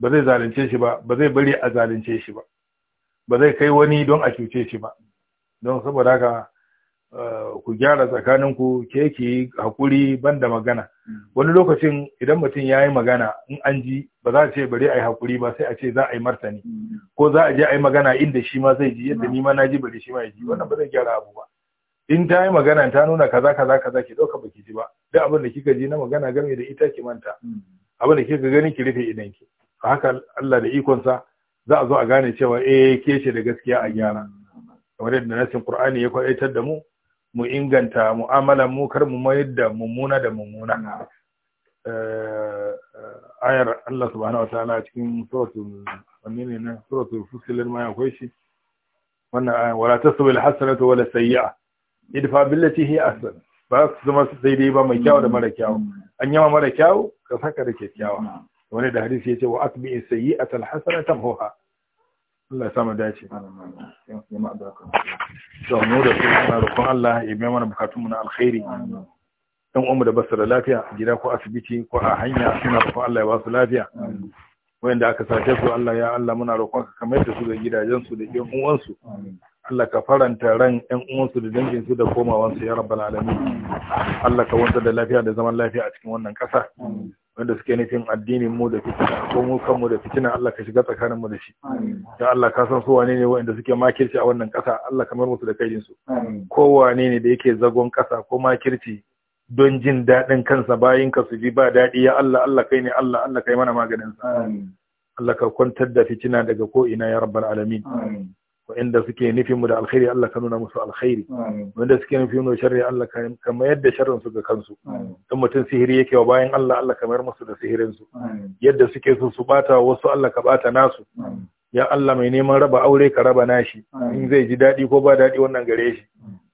ba zai zalunce shi ba ba zai bari a zalunce shi ba ba zai kai wani don a cuce shi ba don saboda haka Eh, ku gyara tsakaninku ke ke hakuri banda magana mm. wani lokacin idan mutum ya yi magana in an ji ba za a ce bari a yi hakuri ba sai a ce za a yi martani mm. ko za a je a yi magana inda shi ma zai ji yadda mm. ni ma na ji bari shi ma ya ji wannan ba zai gyara abu ba in ta yi magana ta nuna kaza kaza kaza ki dauka baki ji ba duk abin da kika ji na magana game da ita ki manta abin da kika gani ki rufe idan ki haka Allah da ikon sa za a zo a gane cewa eh ke ce da gaskiya a gyara kamar yadda nasin Qur'ani ya kwaitar da mu mu inganta mu'amalar mu kar mu mayar da mummuna da mummuna eh, ayar Allah subhanahu wataala cikin suratul wannan ne na suratul fusilat ma akwai shi wannan ayar wala tasbil hasanatu wala sayyi'a idfa billati hi ahsan ba su zama daidai ba mai kyau da mara kyau an yawa mara kyau ka saka da kyakkyawa wani da hadisi yace wa atbi sayyi'atal alhasanata tamhuha Allah ya samu dace mu da su na roƙon Allah ya biya mana bukatunmu na alkhairi dan uwanmu da basu da lafiya gida ko asibiti ko a hanya suna roƙon Allah ya ba su lafiya wayanda aka sace su Allah ya Allah muna roƙon ka kamar da su da gidajen su da ƴan uwansu Allah ka faranta ran ƴan uwansu da dangin su da komawansu ya rabbal alamin Allah ka wanda da lafiya da zaman lafiya a cikin wannan ƙasa wanda suke nufin addinin mu da fitina ko mu kanmu da fitina Allah ka shiga tsakanin mu da shi ya Allah ka san su wane ne waɗanda suke makirci a wannan ƙasa Allah kamar musu da kaidin su ko wane ne da yake zagon ƙasa ko makirci don jin daɗin kansa bayin ka su ji ba daɗi ya Allah Allah kai ne Allah Allah kai mana maganin sa Allah ka kwantar da fitina daga ko ina ya rabbal alamin wa'inda suke nufin mu da alkhairi Allah ka nuna musu alkhairi wanda suke nufin mu da sharri Allah ka kamar yadda sharrin su ga kansu in mutum sihiri yake wa bayan Allah Allah ka mayar musu da sihirin su yadda suke so su bata wasu Allah ka bata nasu ya Allah mai neman raba aure ka raba nashi in zai ji daɗi ko ba daɗi wannan gare shi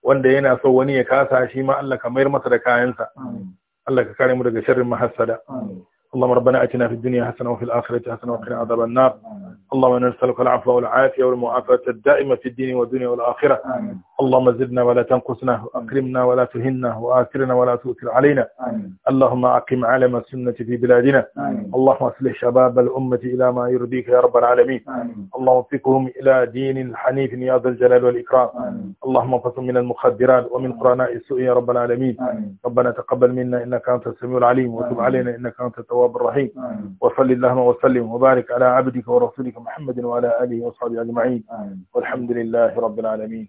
wanda yana so wani ya kasa shi ma Allah ka mayar masa da kayansa Allah ka kare mu daga sharrin mahassada اللهم ربنا اتنا في الدنيا حسنه وفي الاخره حسنه وقنا عذاب النار اللهم نسالك العفو والعافيه والمعافاه الدائمه في الدين والدنيا والاخره آمين. اللهم زدنا ولا تنقصنا واكرمنا ولا تهنا واثرنا ولا توتر علينا آمين. اللهم اقم علم السنه في بلادنا آمين. اللهم اصلح شباب الامه الى ما يرضيك يا رب العالمين آمين. اللهم وفقهم الى دين حنيف يا ذا الجلال والاكرام آمين. اللهم فصل من المخدرات ومن قرناء السوء يا رب العالمين آمين. ربنا تقبل منا انك انت السميع العليم وتب علينا انك انت التواب الرحيم وصل اللهم وسلم وبارك على عبدك ورسولك محمد وعلى آله وصحبه أجمعين والحمد لله رب العالمين